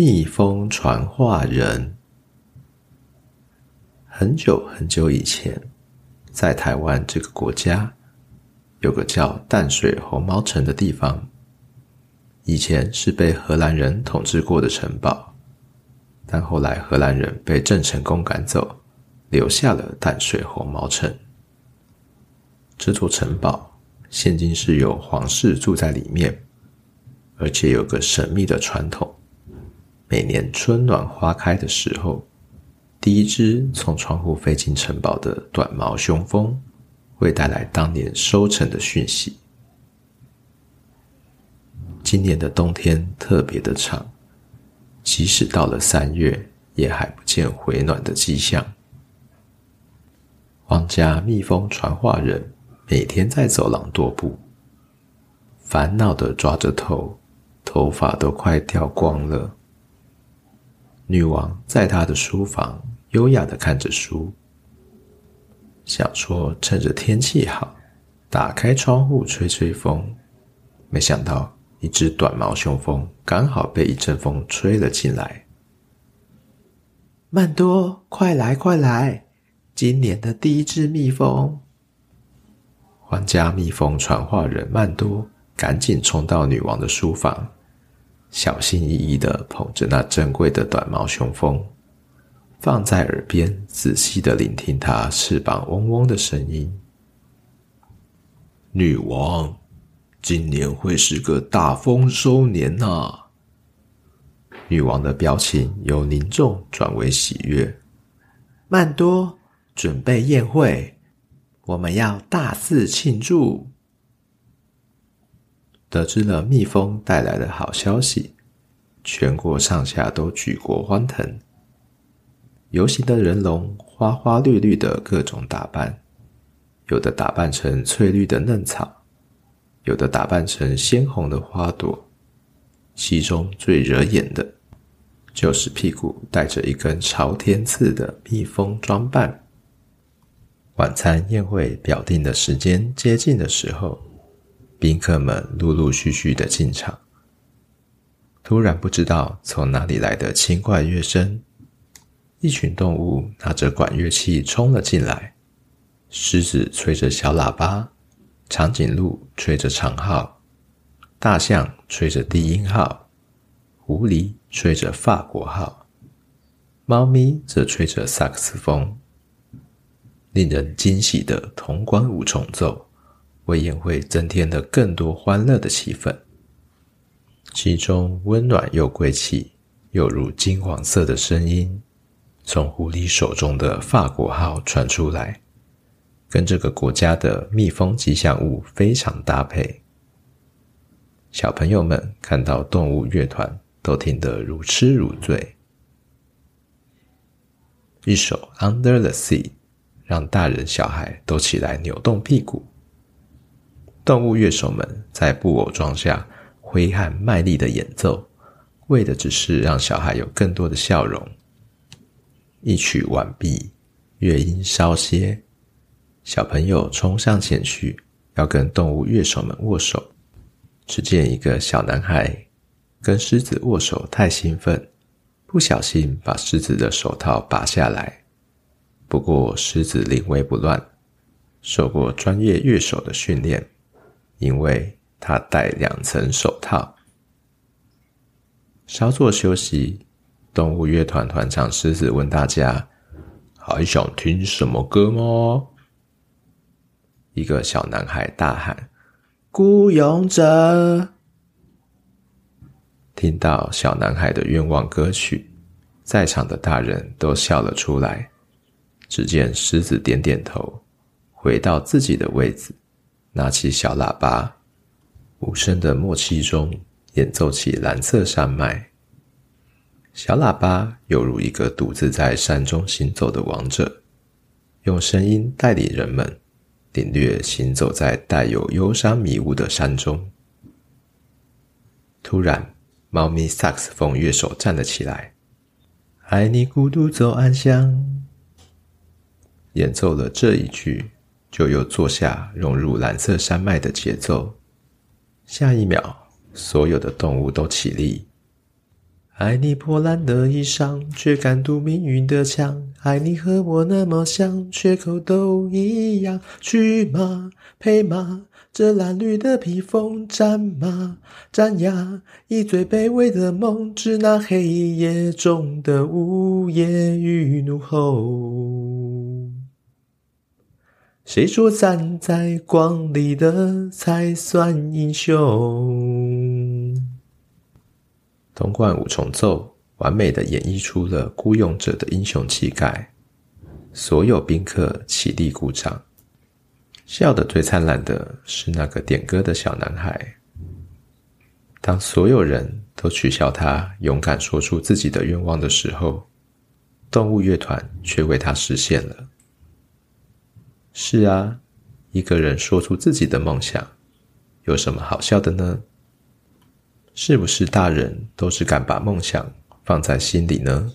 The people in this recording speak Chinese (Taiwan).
蜜蜂傳話人。很久很久以前，在台灣這個國家，有個叫淡水紅毛城的地方。以前是被荷蘭人統治過的城堡，但後來荷蘭人被鄭成功趕走，留下了淡水紅毛城。這座城堡現今是有皇室住在裡面，而且有個神祕的傳統。每年春暖花開的時候，第一隻從窗戶飛進城堡的短毛熊蜂，會帶來當年收成的訊息。今年的冬天特別的長，即使到了三月，也還不見回暖的跡象。皇家蜜蜂傳話人每天在走廊踱步，煩惱的抓着頭，頭髮都快掉光了。女王在她的書房優雅的看着書，想說趁着天氣好，打開窗戶吹吹風，沒想到一隻短毛雄蜂剛好被一陣風吹了進來。曼多，快來快來，今年的第一隻蜜蜂！皇家蜜蜂傳話人曼多趕緊衝到女王的書房。小心翼翼地捧着那珍貴的短毛雄蜂，放在耳邊仔細地聆聽它翅膀嗡嗡的聲音。女王，今年會是個大豐收年吶！女王的表情由凝重轉為喜悅。曼多，準備宴會，我們要大肆慶祝。得知了蜜蜂帶來的好消息，全國上下都舉國歡騰。遊行的人龍，花花綠綠的各種打扮，有的打扮成翠綠的嫩草，有的打扮成鮮紅的花朵。其中最惹眼的，就是屁股帶着一根朝天刺的蜜蜂裝扮。晚餐宴會表定的時間接近的時候。賓客們陸陸續續的進場。突然，不知道從哪裡來的輕快樂聲，一群動物拿着管樂器衝了進來。獅子吹着小喇叭，長頸鹿吹着長號，大象吹着低音號，狐狸吹着法國號，貓咪則吹着薩克斯風。令人驚喜的銅管五重奏。為宴會，會增添了更多歡樂的氣氛，其中溫暖又貴氣，猶如金黃色的聲音，從狐狸手中的法國號傳出來，跟這個國家的蜜蜂吉祥物非常搭配。小朋友們看到動物樂團，都聽得如痴如醉。一首《Under the Sea》讓大人小孩都起來扭動屁股。動物樂手們在布偶裝下揮汗賣力的演奏，為的只是讓小孩有更多的笑容。一曲完畢，樂音稍歇，小朋友衝上前去要跟動物樂手們握手。只見一個小男孩跟獅子握手，太興奮，不小心把獅子的手套拔下來。不過獅子臨危不亂，受過專業樂手的訓練。因為他戴兩層手套。稍作休息，動物樂團團長獅子問大家：“還想聽什麼歌嗎？”一個小男孩大喊：“孤勇者！”聽到小男孩的願望歌曲，在場的大人都笑了出來，只見獅子點點頭，回到自己的位置。拿起小喇叭，無聲的默契中演奏起藍色山脈。小喇叭猶如一個獨自在山中行走的王者，用聲音帶領人們領略行走在帶有憂傷迷霧的山中。突然，貓咪薩克斯風樂手站了起來，愛你孤獨走暗巷，演奏了這一句。就又坐下，融入藍色山脈的節奏。下一秒，所有的動物都起立。愛你破爛的衣裳，卻敢堵命運的槍。愛你和我那麼像，缺口都一樣。去馬配馬，這襤褸的披風，戰馬戰牙，以最卑微的夢，致那黑夜中的嗚咽與怒吼。誰說站在光裡的才算英雄？銅管五重奏完美地演繹出了孤勇者的英雄氣概。所有賓客起立鼓掌，笑得最燦爛的是那個點歌的小男孩。當所有人都取笑他勇敢說出自己的願望的時候，動物樂團卻為他實現了。是啊，一個人說出自己的夢想，有什麼好笑的呢？是不是大人都是敢把夢想放在心裡呢？